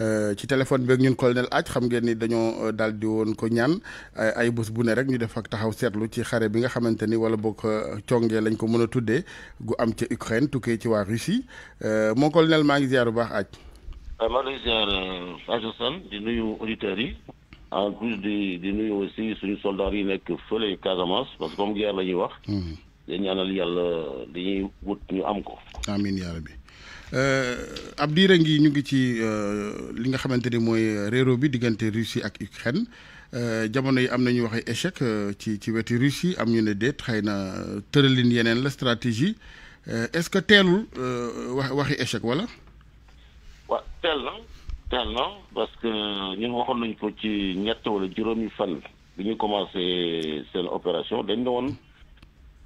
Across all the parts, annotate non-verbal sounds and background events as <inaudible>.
Euh, ci téléphone bi ak ñun colonel Aaj xam ngeen ni dañoo euh, daal di woon ko ñaan ay bés bu ne rek ñu def ak taxaw seetlu ci xare bi nga xamante ni wala boog euh, congee lañ ko mën a tuddee gu am ca Ukraine tukkee ci waa Russie moo colonel maa ngi ziar bu baax Aaj. maa ngi di nuyu auditeurs yi en plus di di nuyu aussi suñu soldats yi nekk fële Casamance parce que comme guerre la ñuy wax. Hmm. dañu ñaanal yàlla dañuy wut ñu am ko. amiin yaa rabbi. Euh, ab diire ngi ñu ngi ci euh, li nga xamante ni mooy réero bi diggante Russie ak Ukraine euh, jamono yi am na ñu wax ay échec ci ci wetu Russie am ñu ne déet xëy na tëralin yeneen la stratégie est-ce que teelul wax waxi échec wala. waa teel na teel na parce que ñun waxoon nañ ko ci ñett wala juróomi fan bi ñu commencé seen opération dañ ne woon.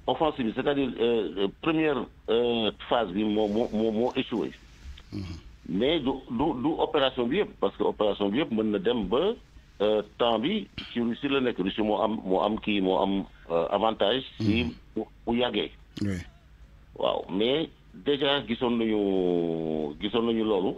offensive c'est-à-dire euh, euh, première euh, phase bi moo moo moo échoué mm-hmm. mais du du du opération bi parce que opération bi yëpp mën na dem ba euh, temps bi ci Russie la nekk Russie moo am moo am kii moo am euh, avantage. si ou yage. waaw mais déjà gisoon nañu gisoon nañu loolu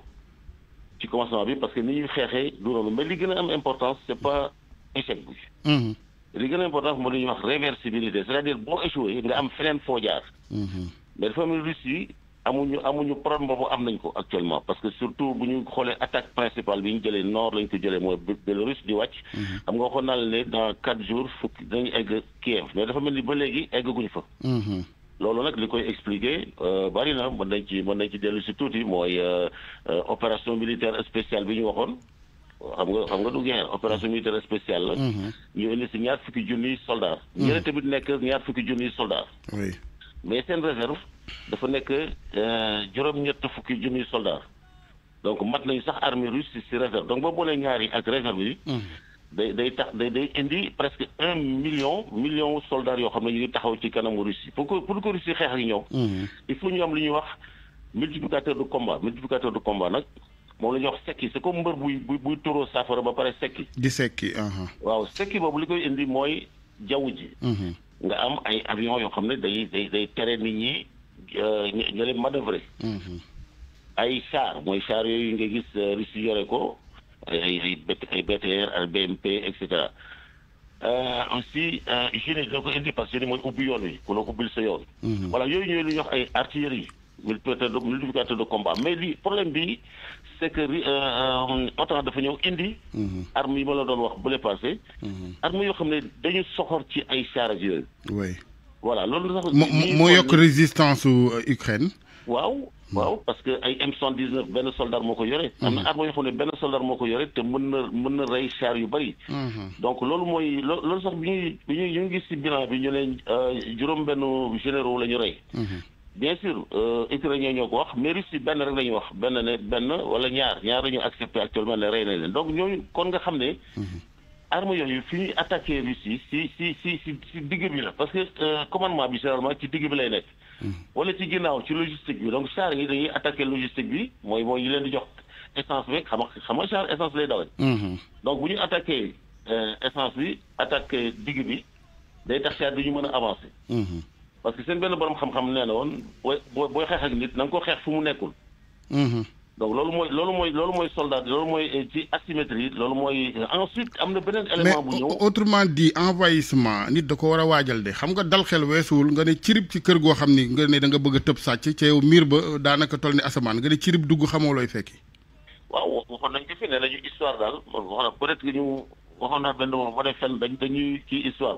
ci commencement bi parce que ni ñuy xeexee du loolu mais li gën a am importance c'est pas échec bi. Mm-hmm li gën a important moo li ñuy wax réversibilité c'est-à-dire boo échoué nga am feneen foo jaar. Mhm. mais dafa am Russie amuñu amuñu problème boobu am nañ ko actuellement parce que surtout bu ñu xoolee attaque principale bi ñu jëlee nord lañ ko jëlee mooy Belarus di wàcc. Mhm. xam nga waxoon naa ne dans quatre jours fukki dinañ egg Kiev mais dafa mel ni ba léegi eggaguñ fa. Mhm. loolu nag li koy expliquer euh, bari na mën nañ ci mën nañ ci dellu si tuuti mooy euh, euh, opération militaire spéciale bi ñu waxoon xam nga xam nga du guerre opération militaire spéciale la. Mhm. ñu indi si ñaar fukki junniy soldats. Mhm. ñeneen tamit nekk ñaar fukki junniy soldats. oui mais seen réserve dafa nekk euh, juróom-ñett fukki junniy soldats donc mat nañu sax armée russe si réserve donc boo boolee ñaar yi ak réserve yi. Mhm. day day tax day day indi presque un million million soldats yoo xam ne ñu ngi taxaw ci kanamu Russie pour que pour que Russie xeex ak ñoom. il faut ñu am lu ñuy wax multiplicateur de combat multiplicateur de combat nag moom la ñuy wax sekki c'est comme mbër buy buy buy turoo safara ba pare sekki. di sekki. Uh-huh. waaw sekki boobu li koy indi mooy jaww ji. Uh-huh. nga am ay avion yoo xam ne day day day tere nit ñi euh, ñu leen manœuvrer. Uh-huh. ay char mooy char yooyu nga gis euh, Russie yore ko ay ay ay BTR ak BMP et cetera aussi génie doo ko indi parce que génie mooy ubbi yoon wi ku la ubbil sa yoon. voilà yooyu ñooy lu ñuy wax ay artillerie. multiplicateur de combat mais li problème bi c'est que euh, euh OTAN dafa ñëw indi. Mhm. armes yi ma la doon wax bu le passé. Mhm. armes yoo xam ne dañu soxor ci ay charge yooyu. oui voilà loolu sax. moo moo yokk résistance euh, Ukraine. waaw mhm. waaw parce que ay M119 ben soldat moko yoré am na arme yo xam ne benn soldat moko yoré té te mën na mën na rey char yu bari donc lolu moy lolu sax bi ñuy ñu gis ci bilan bi ñu ne euh, juroom ben généraux lañu ray rey bien sûr euh ñoo ñoko wax mais Russes ben rek la wax ben ne benn wala ñaar ñaar lañu ñu actuellement le rey nañ donc ñooñu kon nga xamné ne. Mhm. arme yooyu fi ñuy attaqué Russie si si si si si digg bi la parce que euh, commandement bi généralement ci digg bi lay nekk. Mhm. wala ci ginnaaw ci logistique bi donc char yi dañuy attaquer logistique bi moy moy ñu leen di jox essence bi xam xam char essence lay dawal. Mhm. donc bu ñu attaqué euh, essence bi attaquer digg bi day tax char du ñu mën a -hmm. parce que seen benn borom xam-xam nee na woon booy booy xeex nit na nga ko xeex fu mu nekkul. Mm-hmm. loolu mooy loolu mooy loolu mooy soldat loolu mooy eh, ci asymétrie loolu mooy eh, ensuite am na beneen élément bu ñëw autrement dit envahissement nit da ko war a waajal de xam nga dal xel weesuwul nga ne cirib ci kër goo xam ni nga ne da nga bëgg a tëb sàcc ca yow miir ba euh, daanaka toll ni asamaan nga ne cirib dugg xamoo looy fekki. waaw waxoon nañ ko fi ne nañu histoire daal wax na peut-être que ñu benn moom moo def fenn dañuy ci histoire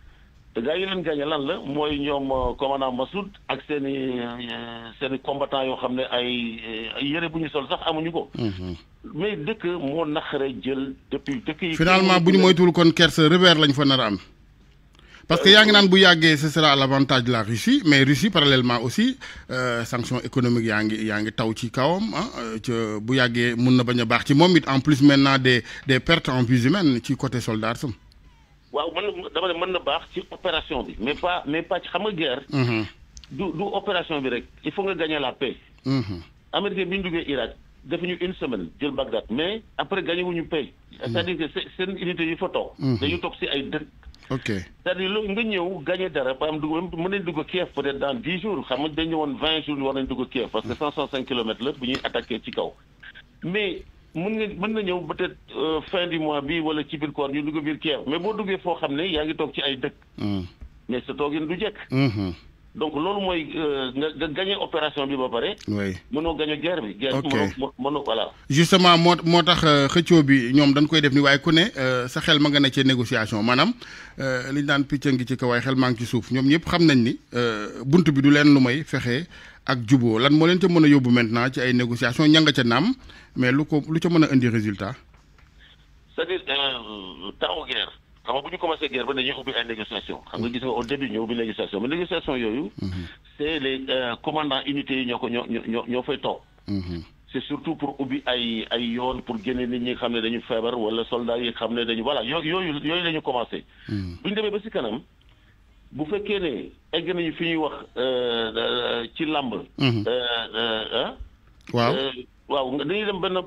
te gars yi leen gaañe lan la mooy ñoom euh, commandant Massoud ak seen i euh, seen i combattant yoo xam ne ay euh, ay yëre bu ñu sol sax amuñu ko. Mhm. mais dëkk moo naqare jël depuis dëkk yi. finalement bu ñu moytuwul kon kerse revers lañ fa nar am. parce que yaa ngi naan bu yàggee ce sera à l'avantage de la Russie mais Russie parallèlement aussi sanction économique yaa ngi yaa ngi taw ci kawam ah bu yàggee mun na bañ a baax ci moom it en plus maintenant des des pertes en vies humaines ci côté soldat sam waaw man dama ne mën na baax ci opération bi mais pas mais pas ci xam nga guerre. Mhm. du du opération bi rek. il faut nga gagner la paix. Mhm. américain bi ñu duggee Irak defuñu une semaine jël Bagdad mais après gagné wuñu paix. Mhm. c'est-à-dire que seen unité yi fa toog. dañu toog si ay dëkk. ok c'est-à-dire nga ñëw gagné dara par exemple mën nañ dugg Kiev peut-être dans dix jours xam nga dañu ñëwoon vingt jours war nañ dugg Kiev parce que cent soixante-cinq kilomètres la bu ñuy attaqué ci kaw mais mën nga mën na ñëw peut-être euh, fin du mois bi wala ci biir koor ñu dugg biir keer mais boo duggee foo xam ne yaa ngi toog ci ay dëkk. Mm. mais sa toogin du jekk. Mm-hmm. donc loolu mooy euh, nga nga gagné opération bi ba pare. oui mënoo gagné guerre bi. guerre bi mënoo mënoo voilà. justement moo moo tax euh, xëccoo bi ñoom dañ koy def ni waaye ku ne sa xel ma nga ne ci négociation maanaam liñ daan picc ngi ci kaw waaye xel maa ngi ci suuf ñoom ñëpp xam nañ ni bunt bi du leen lu may fexe. ak juboo lan moo leen ca mën a yóbbu maintenant ci ay négociations ñanga ca naam mais lu ko lu ca mën a indi résultat. c'est-à-dire euh, temps guerre xam nga bu ñu commencé guerre ba dañuy ubbi ay négociations. xam nga gis nga au début ñu ubbi négociation mais négociation yooyu. Mhm. c'est les euh, commandants unités yi ñoo ko ñoo ñoo ñoo fay toog. Mhm. c'est surtout pour ubbi ay ay yoon pour génne nit ñi xam ne dañu feebar wala soldats yi xam ne dañu voilà yooyu yooyu yooyu la ñu commencé. Mhm. bu ñu demee bu fekkee ne egg nañu fi ñuy wax euh, euh, ci làmb. Mhm. Euh, waaw waaw dañuy dem benn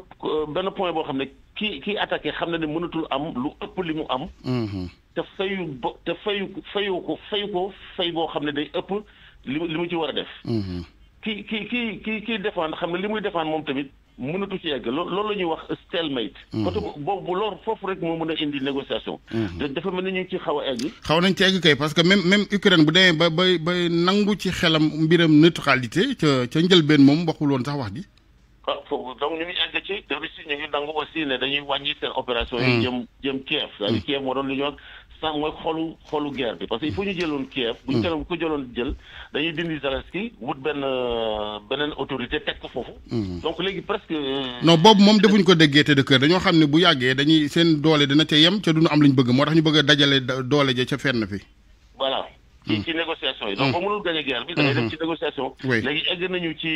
benn point boo xam ne kii kii attaqué xam na ne mënatul am lu ëpp li mu am. Mhm. te fayu bo te fayu fayu ko fayu ko fay boo xam ne day ëpp li mu li mu ci war a def. Mhm. kii kii kii kii kii défendre xam ne li muy defaan moom tamit. mënatu ci yegg loolu la ñuy wax stalemate. Mm. côté boobu loolu foofu rek moo mën a indi négociation. Mm-hmm. dafa mel ni ñu ngi ci xaw a egg. xaw nañ ci egg kay parce que même même Ukraine bu demee ba bay bay nangu ci xelam mbiram neutralité ca ca njëlbeen moom waxul woon sax wax ji. ah foofu donc ñu ngi egg ci ñu ngi nangu aussi ne dañuy wàññi seen opération yi mm. jëm jëm Kiev. cest à mm. moo doon li ñuy wax sax mooy xolu xolu guerre bi parce que il ñu jëloon Kiev. bu ñu teeloon mm. ko jëloon jël dañuy dindi Zelensky wut benn euh, beneen autorité teg ko foofu. Mm. donc léegi presque. Euh, no boobu moom defuñ ko déggee te dëkk kër dañoo xam ne bu yàggee dañuy seen doole dina ca yem ca duñu am luñ bëgg moo tax ñu bëgg a dajale doole ja ca fenn fi. voilà. ci mm. ci négociation yi. donc ba mënul gagné guerre bi. da ngay dem mm-hmm. ci négociation. léegi egg nañu ci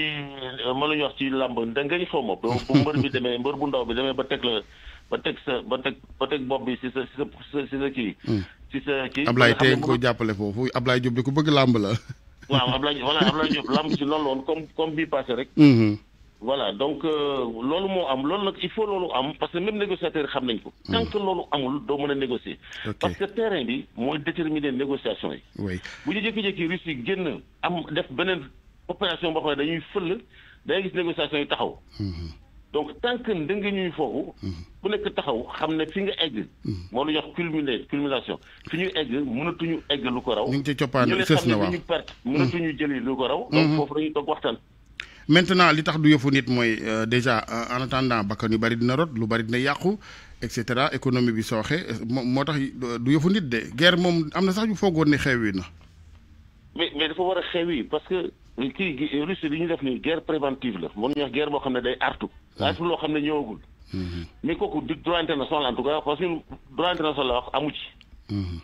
euh, mën nañu wax ci làmb da nga ñu xaw ma. bu mbër bi demee mbër bu ndaw bi demee ba teg ba teg sa ba teg ba bopp bi si sa si sa si sa kii. Hmm. si sa kii Ablaye tey ko jàppale foofu Ablaye Diop di ko bëgg làmb la. waaw Ablaye voilà Ablaye Diop làmb si loolu woon comme comme bii passé rek. Hmm. voilà donc euh, loolu moo am loolu nag il faut loolu am parce que même négociateur xam nañ ko. Hmm. tant que loolu amul doo mën a négocier. parce que terrain bi mooy déterminer négociation yi. oui bu ñu jékki-jékki Russie génn am def beneen opération boo xam ne dañuy fël day gis négociation yi taxaw. donc tant que ndënga ñuy foofu ku nekk taxaw xam ne fi nga egg moo la jox culminé culmination fi ñu egg mënatuñu egg lu ko raw ñu ngi ci coppaan ñu sës na waaw ñu jëli lu ko raw donc mhm. foofu dañuy toog waxtaan maintenant li tax du yëfu nit mooy euh, déjà euh, en attendant bakkan yu bari dina rot lu bari dina yàqu et économie bi sooxe moo euh, du yëfu nit de guerre moom am na sax ñu foogoon xewi na mais mais dafa war a xewi parce que kii Russie li ñu def nii guerre préventive la mën ñu wax guerre boo xam ne day artu waaye lo loo xam hmm ñëwagul. Mm-hmm. mais kooku du droit international en tout cas parce que droit international wax amu ci. Mm-hmm.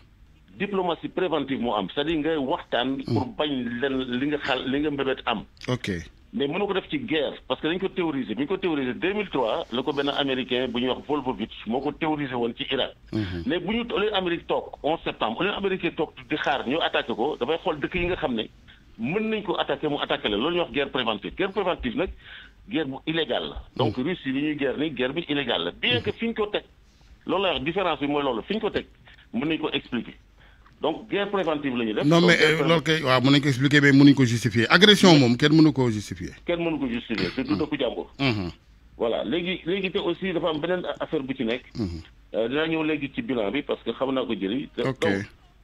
diplomatie préventive mo am c'est-à-dire ngay waxtaan. Mm-hmm. pour bañ leen li nga xal li nga mbébét am. ok mais mënu ko def ci guerre parce que dañ ko théoriser bi ñu ko théoriser 2003 le ko ben américain bu ñuy wax Volvovich moo ko théoriser won ci Irak. mais buñu tolé leen Amérique toog 11 septembre leen Amérique tok di xaar ñu attaqué ko da fay xol dëkk yi nga xamné ne. mën nañ ko attaqué mu attaqué la loolu ñuy wax guerre préventive guerre préventive nak guerre illégale Donc mm. donc Russie bi guerre ni guerre bi illégale bien que mm. fi ko la wax différence bi mooy loolu fi ñu ko ko expliquer donc guerre préventive la def. non mais euh, loolu kay waaw mën nañu ko expliquer mais mënuñu ko justifier agression moom kenn mënu ko justifier. kenn mënu ko justifier surtout dëkku mm. jàmbur. Mm-hmm. voilà léegi Voilà. te aussi dafa am beneen affaire bu ci nekk. Mm-hmm. Euh, dinaa ñëw léegi ci bilan bi parce que xam naa ko jëli. Donc,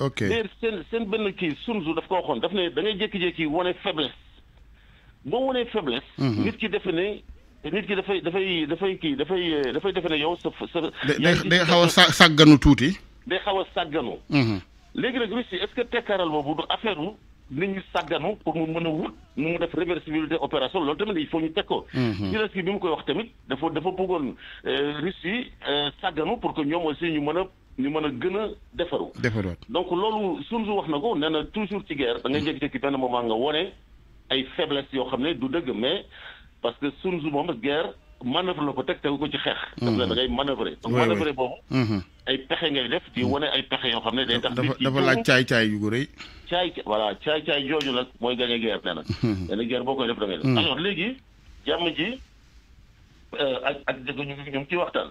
ok seen seen benn kii sunzu daf ko waxoon daf ne dangay ngay jékki-jékki wane faiblesse boo wanee faiblesse. Mhm. nit ki defe ne nit ki dafay dafay dafay kii dafay dafay defe ne yow sa sa. day day xaw a sa sàgganu tuuti. day xaw a sàgganu. Mhm. léegi nag Russie est-ce que tekkaaral boobu du affaire nit ñu sàgganu pour mu mën a wut nu mu def réversibilité opération loolu tamit il faut ñu teg ko. Zelensky mhm. bi mu koy wax tamit dafa dafa bëggoon euh, Russie euh, sàgganu pour que ñoom aussi ñu mën a. ñu mën a gën a defaru donc loolu Sun Tzu wax na ko nee na toujours ci guerre da nga mm-hmm. jékki-jékki benn moment nga wone ay faiblesse yoo xam ne du dëgg mais parce que Sun Tzu moom guerre manœuvre la ko teg tegu ko ci xeex. daf mm-hmm. la da ngay manœuvrer. donc manœuvrer boobu. Mm-hmm. ay pexe ngay def di wane ay pexe yoo xam ne day tax. dafa dafa laaj caay caay yu rëy. caay ca voilà caay caay jooju nag mooy gagné guerre nee na. nee guerre boo koy def da ngay def. alors léegi jàmm ji euh, ak ak dëgg ñu ngi ci waxtaan.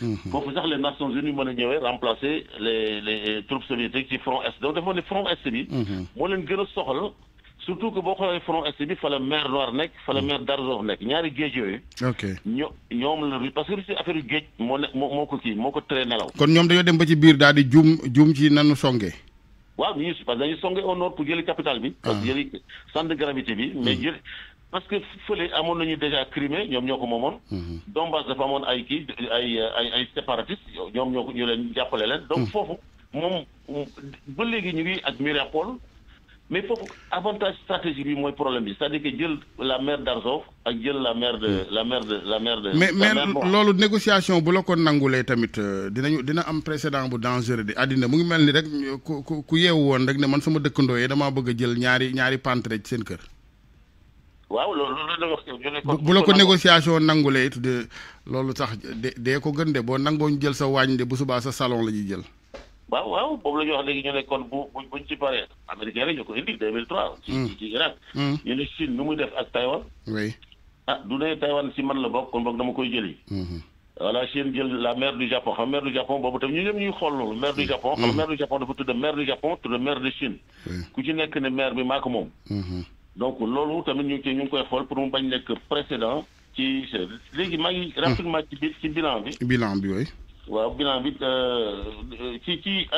Mhm. pour sax les nations unies remplacer les troupes soviétiques qui front est donc front est bi. moo leen gën surtout que boo front est bi fa la mer Noire fa la mhm. mer ñaari ok parce que affaire ko kon dem ba ci biir au nord pour capital bi. Ah. parce centre de gravité bi mais mm parce que fële amoon nañu déjà crimé ñom ñoko momone moomoon. Mhm. Donbass dafa amoon ay ki ay ay ay séparatistes ñom ñoko ñu leen jappalé leen. donc mhm. fofu mom ba légui ñu ngi ak Mariupol mais fofu avantage stratégique bi moy problème bi c'est-à-dire que jël la mer d'Azov ak jël la mer mhm. de la mer de la mer de. mais mais loolu négociation bu la ko nangulé tamit euh, dinañu dina am précédent bu dangereux di àddina mu ngi melni rek ku yewu won rek ne man sama dëkkandoo yi dama bëgg jël ñaari ñaari pantrée ci seen kër. waaw loolu loolu la wax ñu ne bu la ko négociation nangulee it de loolu sax de dee ko gën de boo nangoo ñu jël sa waañ de bu subaa sa salon la ñuy jël. waaw waaw boobu la ñuy wax léegi ñu ne kon bu bu buñ ci paree américain rek hmm. hmm. ñu ne Chine nu muy def ak Taïwan. oui ah du ne Taïwan si man la bokk kon boog dama koy jël jëli. Hmm. voilà Chine jël la mer du Japon xam mer du Japon boobu tam ñu ñëpp ñuy xool loolu mer du Japon. xam mer du Japon dafa tudd mer du Japon tudd mer de nekk ne mer bi maa ko moom. donc loolu tamit ñu ñu pour mu bañ précédent ci hmm. rapidement ci bilan bi. bilan bi oui. bilan bi euh, ci ci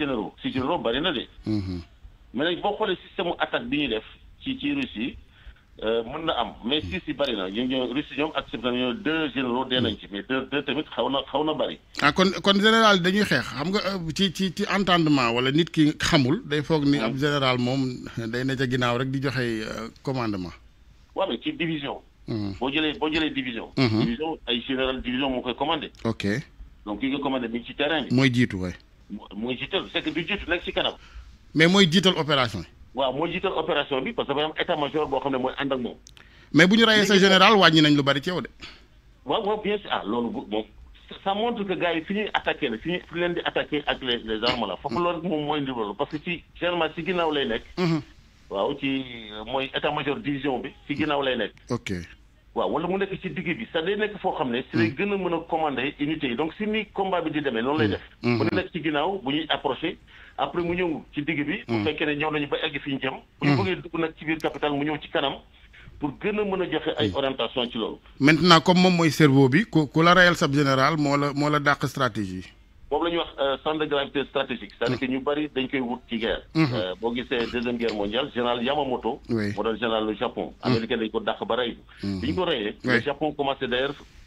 ñu hmm, hmm. mais pourquoi le système attaque bi ñuy def euh, mën na am mais si si bari na ñu ñoo Russie ñoom ak Chine deux généraux dee nañ ci mais deux deux tamit xaw na xaw na ah kon kon général dañuy xeex xam nga euh, ci ci ci entendement wala nit ki xamul day foog ni ab ah. général moom day ne ca ginnaaw rek di joxe euh, commandement. waaw mais ci division. Hmm. boo jëlee boo jëlee division. Hmm. division ay général division moo koy commandé. ok donc ki nga commandé mi ci terrain bi. mooy jiitu waay. mooy jiital c'est que du jiitu nekk ci kanam. mais mooy jiital opération yi waaw moo jiital opération bi parce que dafa am état major boo xam ne mooy ànd ak moom. mais bu ñu rayee sa général wàññi nañ lu bari ci yow de. waaw waaw bien sûr ah loolu moom ça montre que gars yi fi ñuy attaqué la fi ñuy fi leen di attaqué ak les les armes là foofu mm-hmm. loolu moom mooy ndimbal parce que ci généralement ci ginnaaw lay nekk. Mm-hmm. waaw ci mooy état major division bi ci ginnaaw lay nekk. ok waaw wala mu nekk ci digg bi sax day nekk foo xam ne. si lay mm. gën a mën a commandé unité yi donc si ni combat bi di demee noonu lay mm. def. bu mm-hmm. nekk ci ginnaaw bu ñuy approché. après mu ñëw ci digg bi. Hmm. bu fekkee ne ñëw nañu ba egg fi ñu jëm. bu ñu hmm. bëggee dugg nag ci biir capital mu ñëw ci kanam pour gën a mën a joxe ay hmm. orientation ci loolu. maintenant comme moom mooy servo bi ku ku la rayal sab général moo la moo la dàq stratégie. boobu la ñuy wax euh, centre de gravité stratégique cest dire que ñu bari dañ koy wut ci guerre. Euh, boo gisee deuxième guerre mondiale général Yamamoto. oui moo doon général du Japon. américain dañ ko dàq ba rey. bi ñu ko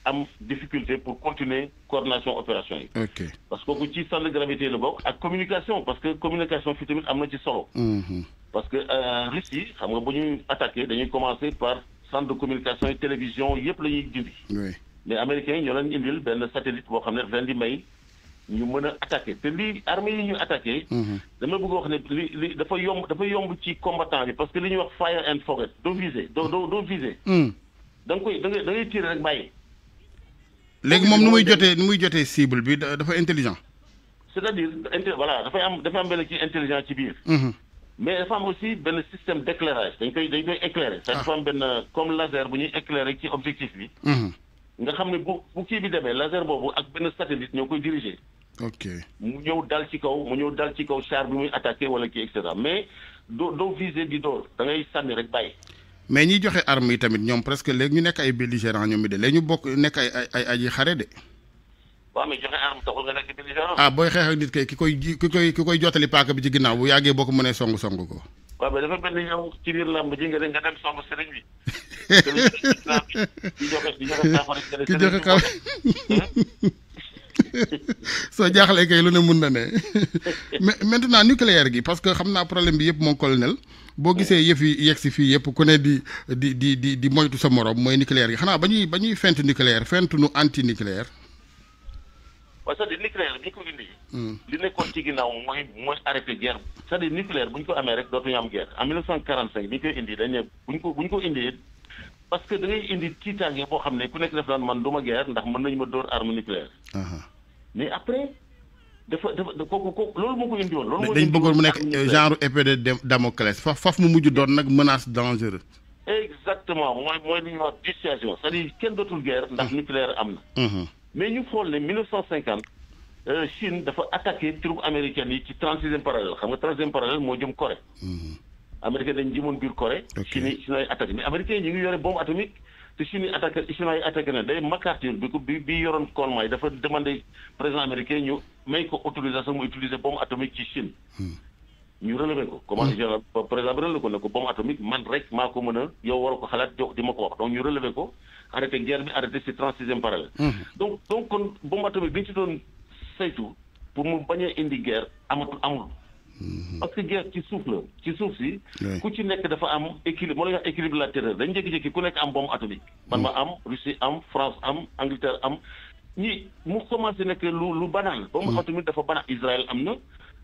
am difficulté pour continuer coordination opération ok parce que utilise ci centre de gravité la bokk ak communication parce que communication fut tamit am na ci solo. Mhm. parce que euh, Russie, yi xam nga bu ñuy attaqué dañuy commencer par centre de communication et télévision yëpp la ñuy dindi. mais américains ils ñoo leen indil benn satellite pour xam ne mai leen ils nous ñu mën a attaqué te lii armée yi ñu attaqué. Mhm. dama bëgg wax ne li dafa yomb parce que li ñuy wax fire and forest doo viser doo doo doo viser. Mhm. da nga koy da ngay léegi moom nu muy jotee nu muy jotee cible bi dafa intelligent. c'est-à-dire voilà dafay am dafa am benn ci intelligent ci biir. Mhm. mais dafa am aussi benn système d'éclairage dañ koy dañ koy éclairer. c'est-à-dire ah. dafa am benn comme laser bu ñuy éclairer ci objectif bi. Mhm. nga xam ne bu bu kii bi demee laser boobu ak benn satellite ñoo koy diriger. ok mu ñëw dal ci kaw mu ñëw dal ci kaw char bi muy attaqué wala kii et cetera mais doo doo viser di door da ngay sànni rek bàyyi. mais ñiy joxe armes yi tamit ñoom presque léegi ñu nekk ay belligérants ñoom it de léegi ñu bokk nekk ay ay ay aji xare de. ah booy xeex nit kay ki koy ji ki koy ki koy jotali paaka bi ci ginnaaw bu yàggee boo ko mënee song song ko. waaw mais <laughs> joxe di soo jaaxlee kay lu ne mun na ne mais maintenant nucléaire gi parce que xam naa problème bi yëpp mon colonel boo gisee yëf yi si fii yëpp ku ne di di di di moytu sa moroom mooy nucléaire gi xanaa ba ñuy ba ñuy fent nucléaire fent nu anti nucléaire. waaw ñu ko indi. Hmm. li nekkoon ci ginnaaw mooy mooy arrêté guerre cest bu ñu ko amee rek dootuñu am koy indi dañ ne bu ñu ko bu ñu ko indi parce que da ngay indi tiitaange boo xam ne ku nekk def naan man du ma guerre ndax mën nañu ma dóor arme nucléaire. mais après dafa dafa kooku kooku loolu moo ko indi woon. loolu moo dañ bëggoon mu nekk genre épée de Damoclès faf faf mu mujj doon nag menace dangereux. exactement mooy mooy li ñuy wax dissuasion c'est-à-dire kenn dootul guerre ndax nucléaire am na. mais ñu xool ne 1950 euh, Chine dafa attaqué troupes américaines yi ci 36e parallèle xam nga 36e parallèle moo jëm américain dañ jëmoon biir Corée. Chine yi Chine ay attaqué mais américain ñu ngi yore bombe atomique te Chine yi Chine ay na day MacArthur bi ko bi bi yoroon colma dafa demandé président américain ñu may ko autorisation mu utiliser bombe atomique ci Chine. Hmm. ñu relevé ko. comment hmm. général président ko ne ko man rek maa ko mën yow war ko xalaat di ma ko wax donc ñu relevé ko arrêté guerre bi arrêté si 36e hmm. donc donc kon bombe atomique Mhm. parce que guerre ci suuf la ci suuf si. ku ci nekk dafa am équilibre moo lay wax équilibre latéral dañ jékki-jékki ku nekk am bombe atomique. man ma mm. am Russie am France am Angleterre am ñi mu commencé nekk lu lu banal. Mm. bombe atomique dafa banal Israël am na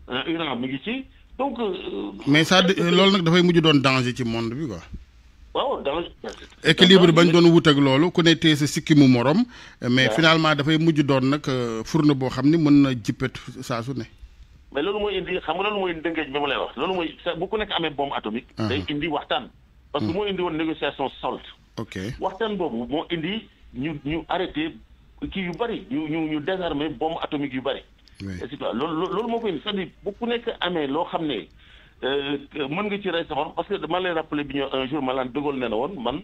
euh, Iran mi ngi ci donc. Euh, mais ça loolu nag dafay mujj doon danger ci monde bi quoi. waaw danger. équilibre bañ doon wutak loolu ku ne tee sa sikki mu morom. mais finalement dafay mujj doon nag euh, fourne boo xam ni mën na jippet saa su mais loolu mooy indi xam nga loolu mooy dëngeej bi ma lay wax loolu mooy bu ku nekk amee bombe atomique. Ah. day indi waxtaan. parce que mm. moo indi woon négociation solde. ok waxtaan boobu moo indi ñu ñu arrêté kii yu bëri ñu ñu ñu désarmé bombe atomique yu bëri. et cetera loolu loolu moo koy indi cest dire bu ku nekk amee loo xam ne euh, mën nga ci rey sa parce que dama lay rappelé bi ñu un jour ma laan dëggoon ne na woon man.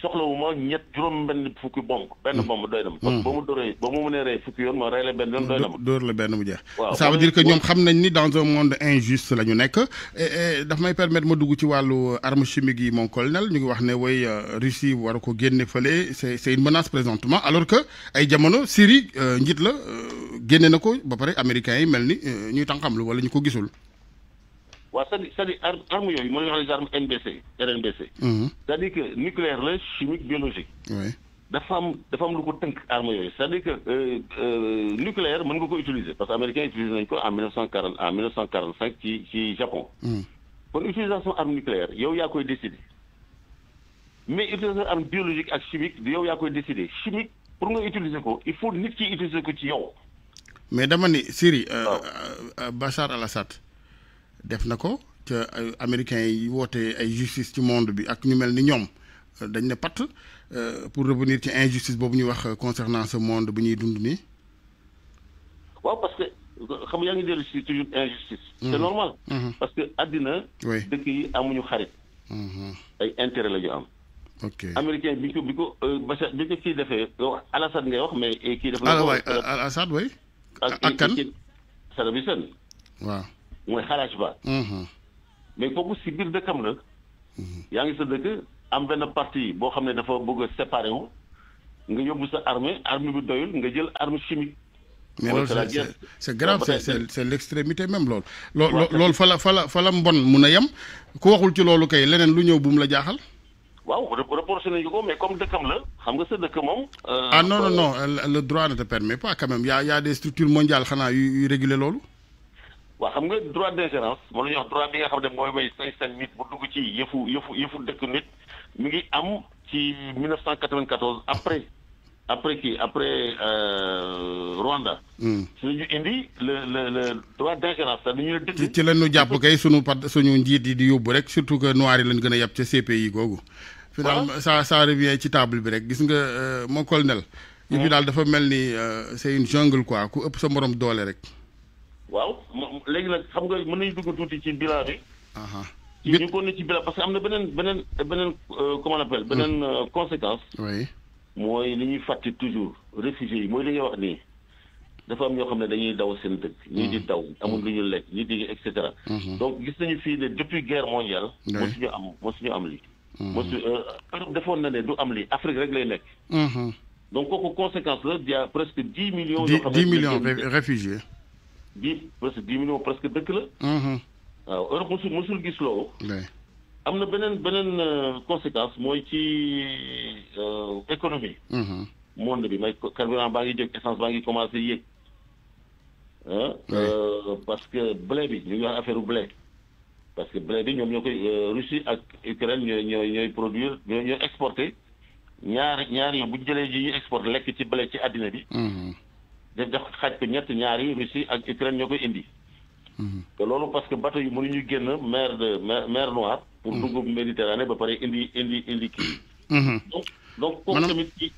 soxlawuma ñett juróom benn fukki bomb benn hmm. bomb doy na hmm. ba mu doree ba mu mënee rey fukki yoon ma rey la benn yoon doy na ma dóor la benn mu jeex ça veut dire que ñoom xam nañ ni dans un monde injuste la ñu nekk eh, eh, daf may permettre ma dugg ci wàllu euh, arme chimique yi mon colonel ñu ngi wax ne way euh, Russie war ko génne fële c'est c'est une menace présentement alors que ay jamono Syrie euh, njiit la génne na ko ba pare américain yi mel ni ñuy tànqamlu wala ñu ko gisul c'est-à-dire à dire arme armes yooyu mooy wax les armes NBC RNBC. Mhm. c'est-à-dire que nucléaire la chimique biologique. dafa am dafa am lu ko tënk arme yooyu c'est-à-dire que euh, euh, nucléaire mën nga ko utiliser parce que américains utilisé nañu ko en 1940 à 1945 en ci ci Japon. Mhm. kon utilisation arme nucléaire yow yaa koy décider mais utilisation arme biologique ak chimique yow yaa koy décider chimique pour nga utiliser ko il faut nit ki utiliser ko ci yow. mais dama ni Syrie. Euh, Bachar al-Assad def na ko ca euh, américain yi woote ay justice ci monde bi ak ñu mel ni ñoom euh, dañ ne patt euh, pour revenir ci injustice boobu ñuy wax concernant ce monde bu ñuy dund nii. waaw parce que xam nga yaa ngi dellu si toujours injustice. Mm-hmm. c'est normal. Mm-hmm. parce que àddina. dëkk yi amuñu xarit. Mm-hmm. ay intérêt la ñu am. ok américain bi ko bi ko Bachar bi ko kii defee Alassane ngay wax mais. Eh, kii def na ah, ko Alassane waay ak kan. Saddam Hussein. waaw mooy xalaat ba mhm. mais kooku si biir dëkkam la mhm. yaa ngi sa dëkk am benn parti boo xam ne dafa bëgg a séparé wu nga yóbbu sa armée armée bi doyul nga jël arme chimique mais loolu c'est c'est grave c'est c'est l'extrémité même loolu lool loolu fa la fa la fa la mbon mun a yem ku waxul ci loolu kay leneen lu ñëw bu mu la jaaxal waaw reproché nañu ko mais comme dëkkam la xam nga sa dëkk moom. Euh, ah non non euh, non le droit ne te permet pas quand même y a y a des structures mondiales xanaa yu yu réguler loolu. waa xam nga droit d'ingérence moo la ñuy wax droit bi nga xam ne mooy may sañ-sañ nit bu dugg ci yëfu yëfu dëkk nit mi ngi am ci 1994 après après kii après euh, Rwanda. Hmm. si ñu indi le le le droit d'ingérence sax ci la ñu jàpp kay sunu pat suñu njiit yi di yóbbu rek surtout que noir yi lañ gën a yàpp ca CPI googu. finalement ça ça revient ci table bi rek gis nga euh, mon colonel. ñu hmm. fi daal dafa mel ni euh, c'est une jungle quoi ku ëpp sa moroom doole rek. waaw léegi nag xam nga mën nañu dugg tuuti ci bilan bi. ci ñu ko ni ci bilan parce que am na beneen beneen beneen euh, comment on appelle. beneen mm. euh, conséquence. oui mooy li ñuy fàtte toujours réfugiés yi mooy li ngay wax nii dafa am ñoo xam ne dañuy daw seen dëkk. Mm. ñii di daw mm. amul lu ñu lekk ñii di et cetera. Mm-hmm. donc gis nañu fii ne depuis guerre mondiale. mosuñu am mosuñu am lii. Mm-hmm. mosu euh, Europe defoon na ne du am lii Afrique rek lay nekk. Mm-hmm. donc kooku conséquence la il y a presque dix millions. yoo xam ne dix millions réfugiés. dix presque dix millions presque dëkk la. Mhm. waaw Europe mosul mosul gis loolu. am na beneen beneen euh, conséquence mooy ci euh, économie. Mhm. monde bi may carburant baa ngi jóg essence baa ngi commencé yéeg. Euh, parce que blé bi ñu ngi wax affaire blé. parce que blé bi ñoom ñoo koy Russie ak Ukraine ñooy ñooy ñooy produire ñooy ñooy exporter ñaar ñaar yi bu ñu jëlee ji ñuy exporter lekk ci blé ci àddina bi. Mhm. def def xaaj ko ñett ñaari Russie ak Ukraine ñoo koy indi. Mhm. te loolu parce que bato yi mënuñu génn mer de mer mer Noire. pour mhm. dugg Méditerranée ba pare indi indi indi kii. Mhm. donc donc kooku tamit ci.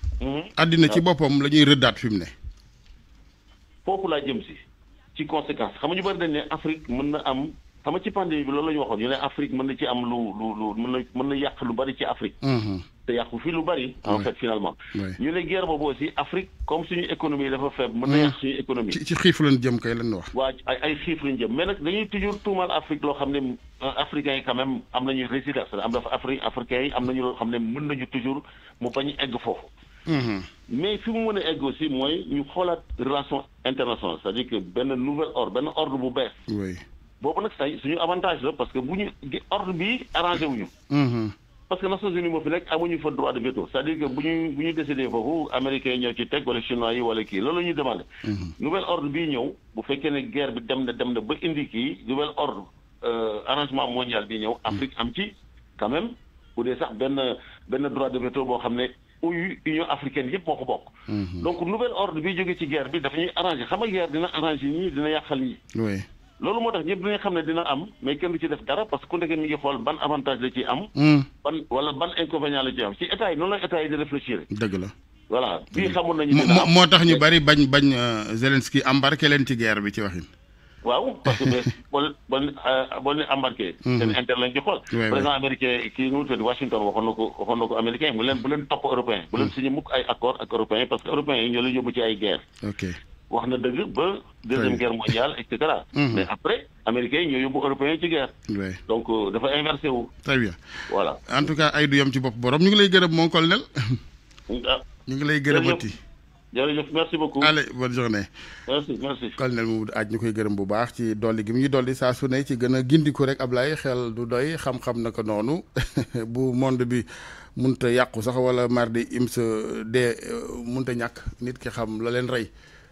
àddina ci boppam la ñuy rëddaat fi ne. foofu laa jëm si ci conséquence xam nga ñu bari nañ ne Afrique mën na am xam ci pandémie bi loolu la ñu waxoon ñu ne Afrique mën na ci am lu lu lu mën na mën na yàq lu bari ci Afrique. te yàqu fii lu bari. en fait finalement. ñu ne guerre boobu aussi Afrique comme suñu économie dafa faible. mën na yàq suñu économie. ci ci xiif lañ jëm kay lañ wax. waa ay ay xiif lañ jëm mais nag dañuy toujours tuumaal Afrique loo xam ne euh, africains yi quand même am nañu résilience am dafa Afrique africain yi am nañu loo xam ne mën nañu toujours mu bañ egg foofu. Mm-hmm. mais fi mu mën a egg aussi mooy ñu xoolaat relation internationale c'est-à-dire que benn nouvel ordre benn ordre bu bees. oui boobu nag say suñu avantage la parce que bu ñu ordre bi arrangé wuñu mm-hmm parce que Nations Unies moo fi nekk amuñu fa droit de veto c'est-à-dire que buñu buñu décidé fofu américains yi ñoo ci teg wala chinois yi wala kii lolu ñu demandé. Mhm. nouvel ordre bi ñëw bu fekké né guerre bi dem na dem na ba indi ki nouvel ordre euh, arrangement mondial bi ñëw. Mhm. Afrique am ci quand même bu dee sax ben ben droit de veto bo xamné uy Union africaine yépp boko bok mhm. donc nouvel ordre bi jóge ci guerre bi dafa ñuy arranger xam nga guerre dina arranger ni dina ni oui loolu moo tax ñëpp dinañ xam ne dina am mais kenn du ci def dara parce que ku nekk mi ngi xool ban avantage la ciy am. Hmm. ban wala ban inconvénient la ciy am ci état noonu la état yi di réfléchir. dëgg la voilà bii xamoon nañu. moo tax ñu bari bañ bañ euh, Zelensky embarqué leen ci guerre bi ci waxin. waaw parce que <laughs> boo boo euh, boo leen embarqué. Hmm. seen intérêt lañ ci xool. président américain kii nu mu tudd Washington waxoon na ko américain bu leen bu leen topp européen. bu leen hmm. parce que européen yi ñoo leen yóbbu wax na dëgg ba deuxième guerre mondiale et cetera. Mhm. mais après américains ñoo yóbbu européens ci guerre. donc euh, dafa inversé wu. très bien voilà. en tout cas ay du yam ci bopp borom ñu ngi lay gërëm mon colonel. <laughs> ñu ngi lay gërëmati. jërëjëf merci beaucoup allez bonne journée. merci merci. colonel Mamadou Aaj ñu koy gërëm bu baax ci dolli gi mu ñu dolli saa su ne ci gën a gindiku rek Ablaye xel du doy xam-xam na ko noonu <laughs> bu monde bi munta yàqu sax wala mardi im sa dee euh, munta ñàkk nit ki xam la leen rey.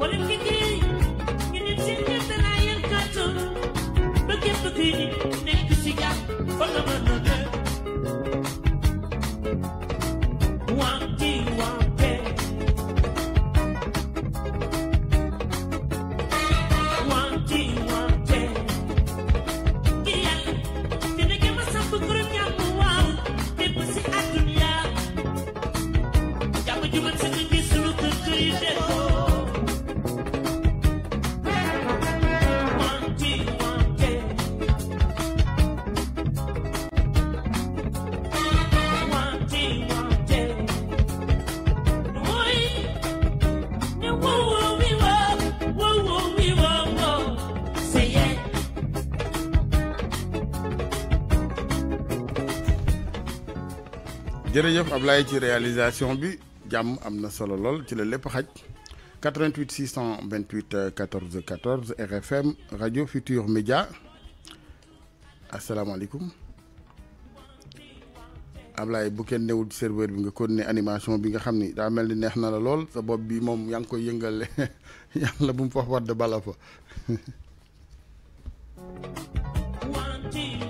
Thank you. jërëjëf Ablaye ci réalisation bi jàmm am na solo lool ci la lépp 88 628 14 14 RFM radio Futur Média asalaamaaleykum Ablaye bu kenn newul serveur bi nga continuer animation bi nga xam ni daa mel ni neex na la lool sa bopp bi moom yaa ngi koy yëngale <laughs> yàlla bu mu fa war de bala fa. <laughs>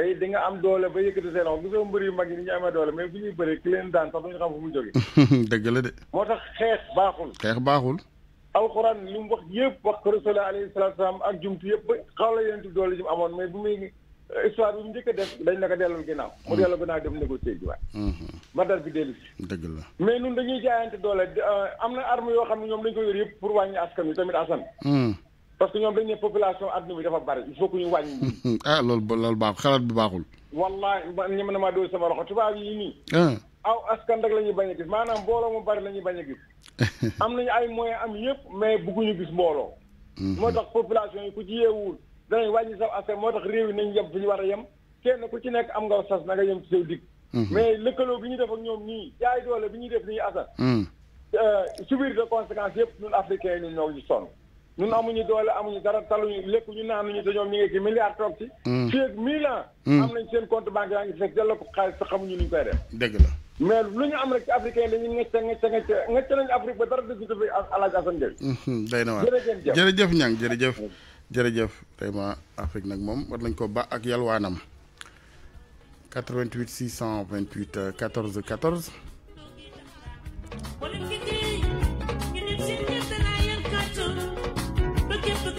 tey di nga am doole ba yëkkati seen loxo gisoo mbër yu mag yi ni ñu amee doole mais bu ñuy bëree ki leen daan sax duñu mu jógee. <laughs> la de. moo tax xeex baaxul. xeex baaxul. alxuraan li mu ba xaw la yéen doole ji mu amoon mais bu muy histoire bi mu a def dañ na mm-hmm. dem négocier ji mm-hmm. ba dal bi dellu si. dëgg la mais ñun dañuy jaayante doole am na arme yoo xam ne ñoom dañ ko yor yëpp pour wàññi askan wi tamit asan mm. parce que ñoom dañu ne population adduna bi dafa bari il faut que ñu wàññi. <laughs> ah loolu ba baax xalaat bi baaxul. wallaahi man ñeme na maa dóor sama loxo tubaab yi nii. Ah. aw askan rek la ñuy bañ a gis maanaam mbooloo mu bari la ñuy bañ a gis. <laughs> am nañu ay moyen am yëpp mais bëgguñu gis mbooloo. Mhm. moo tax population yi ku ci yeewul danañ wàññi sax askan moo tax réew yi nañ yem fi ñu war a yem kenn ku ci nekk am nga sas na nga yem ci sa mhm. mais lëkkaloo bi ñu def ak ñoom nii jaay bi ñuy def nii askan. Mhm. Euh, subir de conséquences yëpp ñun africains yi ñoo ngi ñun amuñu doole amuñu dara taluñu lépp ñu naan ñu te ñoom ñu ngi ci milliard toog ci. Mm. fii ak mille ans. Mm. am nañ seen compte banque yaa ngi fekk delloo ko xaalis te xamuñu ni ñu koy def. dëgg la mais lu ñu am rek ci africain yi dañuy ngecce ngecce ngecce ngecce nañu Afrique ba dara dëgg dëgg Alaaji Assane Gueye. Mm-hmm. day na waar jërëjëf jërëjëf Niang jërëjëf. Mm. jërëjëf vraiment Afrique nag moom war nañ ko ba ak yalwaanam 88 628 14 14.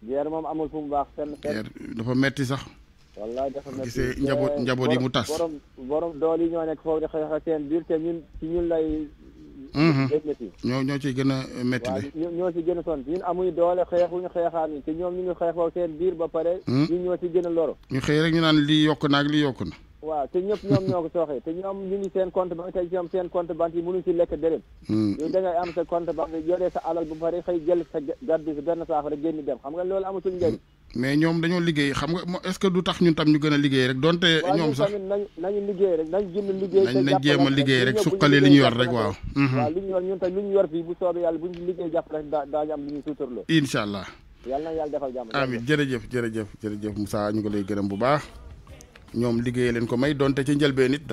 guerre moom amul fu mu baax fenn fenn dafa metti sax wallaay dafa metti gisee njaboot njaboot yi mu tas borom borom dool yi ñoo nekk foofu di xeex seen biir te ñun ci ñun lay mm-hmm. ñoo ñoo ciy gën a métti de ñoo ci gën a sonn ñun amuñu doole xeexuñu xeexaan yi te ñoom ñu ngi xeex foofu seen biir ba pare hmm? ñun ñoo ci gën a loro ñu xëy rek ñu naan lii yokk naa ak lii yokk na waaw te ñëpp ñoom ñoo ko sooxee te ñoom ñu seen compte banque tey ñoom seen compte banque yi mënuñ si lekk dërëm hmm. yow da am sa compte banque yoree sa alal bu pare xëy jël sa gaddu si benn nga loolu amatul njëriñ hmm. mais ñoom dañoo liggéey xam nga est tax ñun a liggéey rek donte ñoom sax nañ nañu a liggéey liggéey rek suqali ñu yor rek waaw hmm. waaw li ñu yor ñun tam lu ñu yor fii bu soobee yàlla bu defal jàmm jërëjëf jërëjëf jërëjëf Moussa ñu ngi lay bu baax ñoom liggéey leen ko may donte ci njëlbeen nit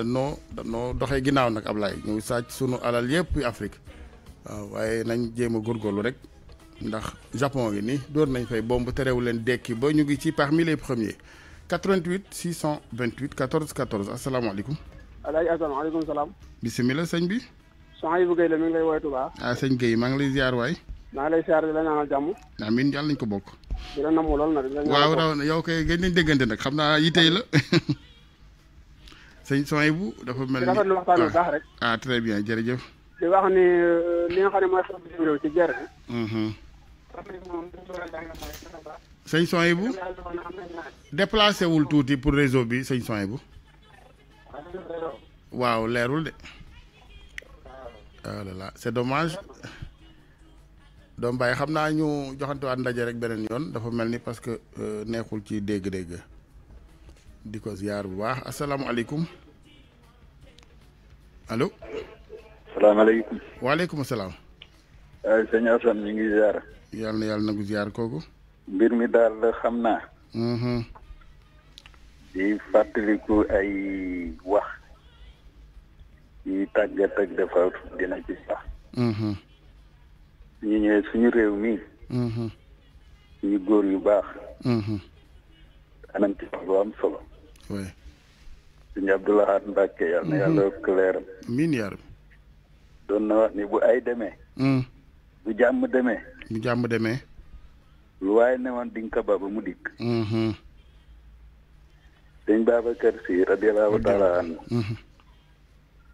doxee ginnaaw nag Ablaye sàcc sunu alal yëpp Afrique waaw waaye nañ jéem a góorgóorlu rek ndax Japon gi ni dóor nañ fay bomb terewu leen dekki ñu ngi ci parmi les premiers 88 628 14 14 Assalamu alaaji Assane assalam. salaam. bisimilah sëñ bi. Je Guèye la mi ngi lay ah sëñ maa ngi lay ziar ko bokk. dina namm waaw raw na yow kay gëj nañ déggante nag xam naa yi tey la. <laughs> sëñ Sonia bu dafa mel ni ah, très bien jërëjëf. di wax ni euh, li nga xam ne mooy xew bitim réew ci gerte. Mm-hmm. sëñ Sonia bu déplacé wul tuuti pour réseau bi sëñ Sonia bu. waaw leerul de. ah c'est dommage. doom bàyyi xam naa ñu joxantewaat ndaje rek beneen yoon dafa mel ni parce que euh, neexul ci dégg-dégg di ko ziar bu baax asalaamualeykum allo. salaamaaleykum. waaleykum salaam. sëñ Assane ñu ngi ziar. yàlla na yàlla nagu ziar kooku. mbir mi daal xam naa. Mm-hmm. di fàttaliku ay wax. yi tàggat ak defar dina ci sax. Mm-hmm. ñu ñëwee suñu réew mi. Mm-hmm. suñu góor yu baax. anam mm-hmm. ci lu am solo. oui. suñu Abdoulaye Mbacke yàlla na yàlla mm-hmm. yokk leeram. miin yaaram. doon na wax ni bu ay demee. Mm. bu jàmm demee. bu jàmm demee. lu waaye ne woon di nga ko ba ba mu dikk. sëñ Babacar Si radiyallaahu taala anhu.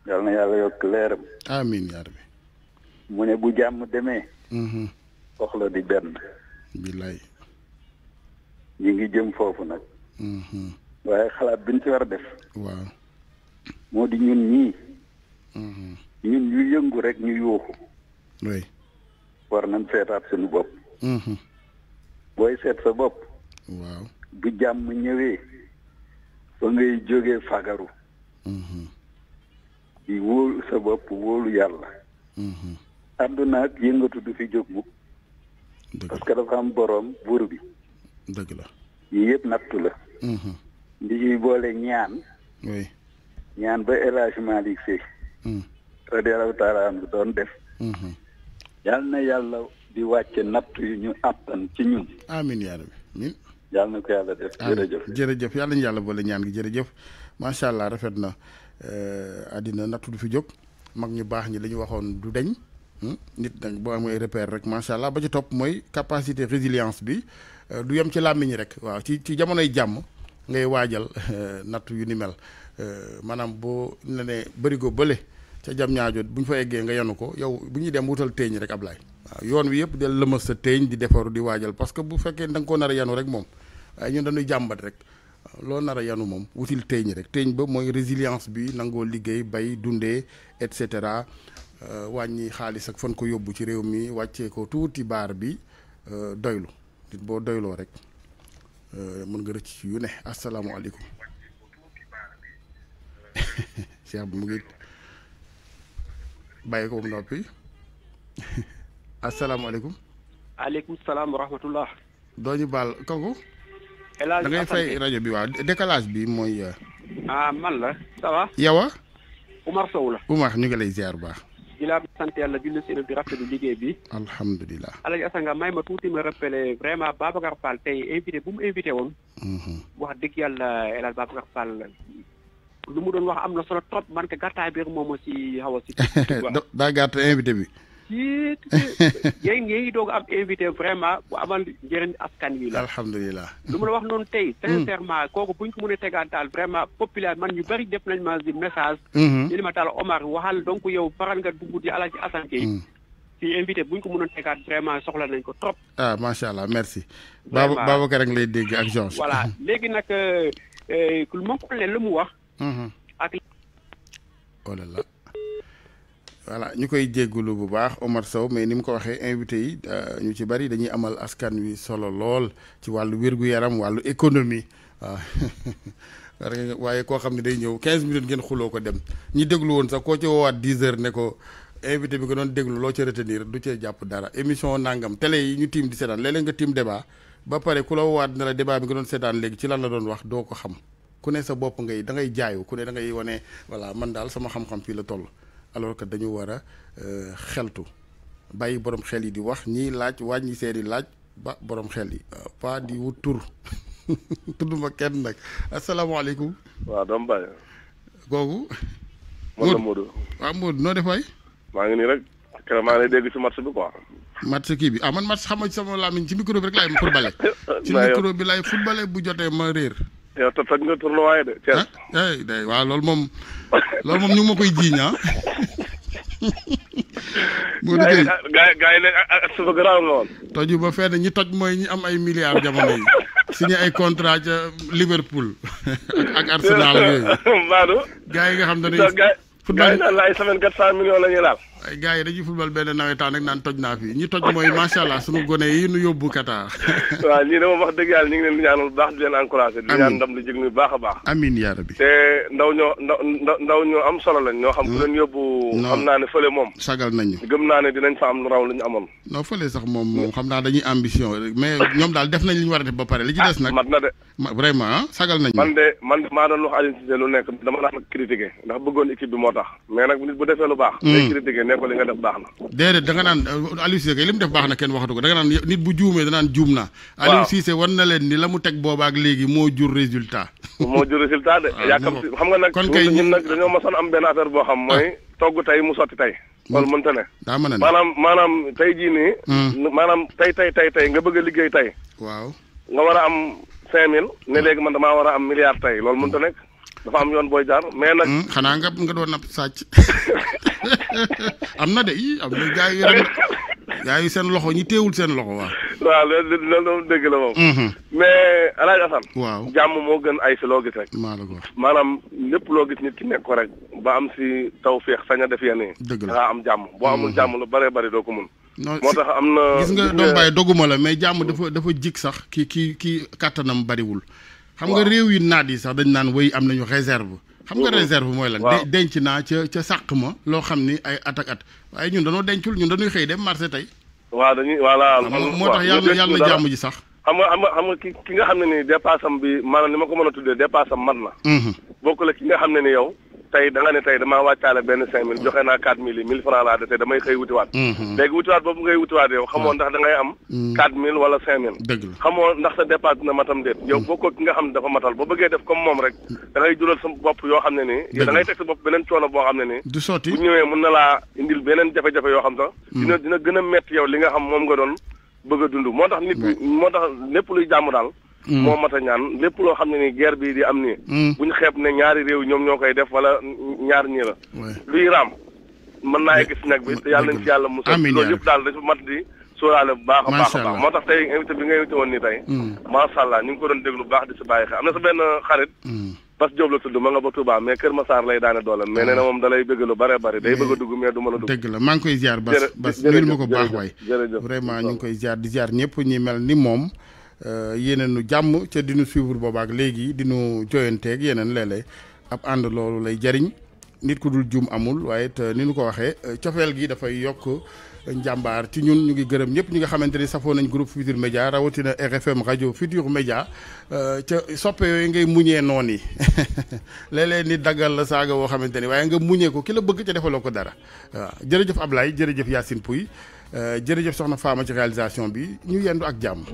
yàlla na yàlla yokk leeram. amiin yaaram. mu ne bu jàmm demee. Mm-hmm. soxla di benn billaay ñi ngi jëm foofu nag mm-hmm. waaye xalaat biñ ci war a def waaw moo di ñun ñii mm-hmm. ñun ñu yëngu rekk ñu yuuxu oui war nañ seetaat suñu bopp booy seet sa bopp waaw bu jàmm ñëwee ba ngay jógee fagaru di wóolu sa bopp wóolu yàlla àdduna ak yëngatu du fi jóg mukk am boroom buur bi dëgg la yii yëpp nattu la mhm. ndi ñuy boole ñaan oui ñaan ba El Hadj Malick Sy mhm. radiyallahu doon def mhm. yal na yàlla di wàcce natt yu ñu àttan ci ñun amin yaa rabbi amin yàlla na ko yàlla def jërëjëf jërëjëf yàlla ñu yàlla boole ñaan gi jër jëf macha allah rafet na euh, àddina nattu du fi jóg mag ñu baax ñi lañu waxoon du deñ Hmm? nit nag boo amee repère rek macha allah ba ci topp mooy capacité résilience bi euh, du yem ci làmmiñ rek waaw ci ci jamonoy jàmm ngay waajal euh, natt yu ni mel euh, maanaam boo ne ne bërigo bële ca jam ñaajo bu ñu fa eggee nga yanu ko yow bu ñuy dem wutal teeñ rek Ablaye waaw yoon wi yëpp del lëmas sa teeñ di defaru di waajal parce que bu fekkee da nga koo nar yanu rek moom waaye ñun dañuy jàmbat rek loo nar a yanu moom wutil téeñ rek téeñ ba mooy résilience bi nangoo liggéey bay dundee et cetera Euh, wàññi xaalis ak fan ko yóbbu ci réew mi wàccee ko tuuti baar bi euh, doylu nit boo doyloo rek euh, mën nga rëcc yu ne asalaamaaleykum <laughs> cheikh bi mu ngi bàyyi ko mu noppi <laughs> asalaamaaleykum. aleykum salaam wa doo ñu baal kooku. da fay rajo bi waaw décalage bi mooy. Ah, man la ça va. Ah? Umar Sow la. Umar ñu ngi lay ziar bu baax. ginnaaw bi sant yàlla julli si bi rafetlu liggéey bi. alhamdulilah. Alaaji Assane Nga may ma tuuti ma rappelé vraiment Babacar Fall tey invité bu mu invité woon. Mhm. wax dëgg yàlla El Hadj Babacar Fall. mu doon wax am na solo trop man ka gàttaay biir moom si xaw a si. <laughs> daa gàtt invité bi. sii yéen yéen doog am invité vraiment bu amal njëriñ askan yi la. alhamdulilah. lu ma la wax noonu tey. Mm. sincèrement kooku buñ ko mënee tegaantaal vraiment populaire man ñu bëri def nañ ma si message. Mm-hmm. ñu ne ma taal Omar waxal donc yow faral nga dugg di ala ci Assane Gueye. ci mm. invité buñ ko mënoon tegaat vraiment soxla nañ ko trop. ah allah merci. vraiment Baba Babacar lay dégg ak Georges. voilà <laughs> léegi nag euh, euh, lu ma ko lu mu wax. Mm-hmm. ak. Oh voilà ñu koy jéggulu bu baax Omar Sow mais ni mu ko waxee invité yi euh, ñu ci bari dañuy amal askan wi solo lool ci wàllu wér-gu-yaram wàllu économie waaw <laughs> waaye koo xam ni day ñëw 15 minutes ngeen xuloo ko dem ñu déglu woon sax koo ci woowaat 10 heures ne ko invité bi nga doon déglu loo ci retenir du cee jàpp dara émission nangam télé yi ñu tiim di seetaan léeg-léeg nga tiim débat ba pare ku la woowaat ne la bi nga doon seetaan léegi ci lan la doon wax doo ko xam ku ne sa bopp ngay da ngay ku ne da ngay wane voilà man daal sama xam-xam la toll. alors que dañu war a euh, xeltu bàyyi boroom xel yi di wax ñii laaj wàññi seeni laaj ba boroom xel yi. Euh, pas di wut tur <laughs> tudduma kenn nag asalaamaaleykum. waaw doomu baay. googu. man la Modou waaw Modou ah, noo def waay. maa ngi nii rek keroog maa ngi lay dégg ci match bi quoi. match kii bi ah man match xam nga sama laa miñ ci micro bi rek laay footballé. <laughs> ci micro bi laay footballé bu jotee ma réer. yow te toj nga tur la waaye de. Thiès ah, day waaw loolu moom loolu moom ñu ma koy jiiñ ah. bu dee gaa yi ah, gaa yi léegi ak ah, suba garaaw nga woon. toju ba fenn ñi toj mooy ñi am ay milliards jamono yi signé ay contrat ca Liverpool <laughs> ak Arsenal yooyu. Badou. <laughs> gaa yi nga xam ne dañuy. gaa yi gaa yi daal la ay semaine quatre cent millions la ñuy laal. gars yi dañuy football benn nawetaan rek naan toj naa fi ñi toj mooy macha sunu gone yi nu yóbbu Qatar. <laughs> waaw ñii dama wax dëgg yàlla ñu ngi leen di ñaanal bu baax di leen encouragé. a baax. amiin yaa rabbi. te ndaw ñoo am solo lañ. ñoo xam ku leen yóbbu. xam naa ne fële moom. sagal nañu gëm naa ne dinañ fa am lu raw lu ñu amoon. non fële sax moom xam naa dañuy ambition mais ñoom daal def nañ li ñu a ba pare li ci des ah, nag. mat na de. vraiment ah, sagal nañu. man de man de maa doon wax Aliou Cissé nekk dama daan critiqué ndax bëggoon équipe bi tax mais nag nit baax. ne ko li nga def baax na. déedéet da nga naan euh, Aliou Cissé kay li mu def baax na kenn waxatu ko da naan nit bu juumee danaan juum naa. waaw Aliou Cissé na leen ni la mu teg boobaak léegi moo jur résultat. <laughs> moo jur résultat de. <laughs> Ah, yaakaar xam nga nag. kon kay ñun nag dañoo mosoon am benn affaire boo xam ah. mooy. togg tey mu sotti tey. loolu mënta ne. daa mën na ne maanaam maanaam tey jii nii. Hmm. maanaam tey tey tey tey nga bëgg a liggéey tey. waaw nga war a am cinq mille. ne léegi man damaa war a am milliard tey loolu mënta nekk dafa am yoon booy jaar mais nag. Hmm, xanaa nga nga doon napp sàcc <laughs> am na de yii am na gaa yu seen loxo ñi teewul seen loxo waaw. waaw loolu loolu hmm, hmm. jàmm moo gën ay si gis rek. maa maanaam lépp loo gis nit ki nekk rek ba am si taw féex sañ a def yenn dëgg la am jàmm boo amul jàmm lu bëree bëri doo ko mun. moo tax am na gis nga doom bàyyi doguma la mais jàmm dafa dafa jig sax kii kii kii kàttanam bariwul. xam nga réew yu naat yi sax dañ naan wéy am nañu réserve. xam nga réserve mooy lan. denc naa ca ca sàq ma. loo xam ni ay at ak at waaye ñun dañoo dencul ñun dañuy xëy dem marché tey. waa dañuy voilà. moo tax yàlla yàlla na jàmm ji sax. xam nga xam nga ki ki nga xam ne ni dépassam bi maanaam ni ma ko mën a tuddee dépassam mat na. Mhm. bokk la ki nga xam ne ni yow. tey da nga ne tey damaa wàccaale benn cinq mille joxe naa quatre mille yi mille franc laa de tey damay xëy wutiwaat mhm. léegi wutiwaat boobu ngay wutiwaat yow xamoo ndax da am mhm. quatre mille wala cinq mille xamoo ndax sa dépense dina matam déet yow mm. boo ki nga xam ne mm. yoo nii da teg sa bopp beneen coono boo xam ne nii du sotti bu ñëwee mun na laa indil beneen jafe-jafe yoo xam sax mm. dina dina gën a metti yow li nga xam moom nga doon bëgg a dund moo tax nit moo tax lépp luy jàmm daal Mm. moo mat a ñaan lépp loo xam ne ni guerre bii di am nii. Mm. bu ñu xeeb ne ñaari réew ñoom ñoo koy def wala ñaar ñii la. luy raam mën naa egg si nag bi te yàlla nañ si yàlla musal. amiin loolu yëpp daal dafa mat di sóoraale bu a a moo tax tey invité bi nga invité woon mm. ñu ngi ko doon déglu baax di si bàyyi xel am na sa benn xarit. Bas Diop la tudd ma nga ba Touba mais Kër Massar lay daane doolam mais nee moom dalay bëgg lu bare bare day bëgg a dugg mais du mën a dugg dëgg la maa ngi koy ziar Bas Bas nuyul ma ko baax waay vraiment ñu ngi koy ziar di ziar ñëpp ñi mel ni moom Euh, yéeneen nu jàmm ca dinu nu suivre boobaak léegi di nu joyanteeg yeneen léeg ab ànd loolu lay jariñ nit ku dul juum amul waaye it euh, ni ñu ko waxee euh, cofeel gi dafay yokk njàmbaar ci ñun ñu ngi gërëm ñëpp ñi nga xamante ni safoo nañ groupe Futur Média rawatina RFM rajo Futur Média ca soppe yooyu ngay muñee noon yi <laughs> léeg-léeg nit daggal la saaga woo xamante ni waaye nga muñee ko ki la bëgg ca defaloo ko dara waaw jërëjëf Ablaye jërëjëf Yacine Pouy jërëjëf soxna Fama ci réalisation bi ñu yendu ak jàmm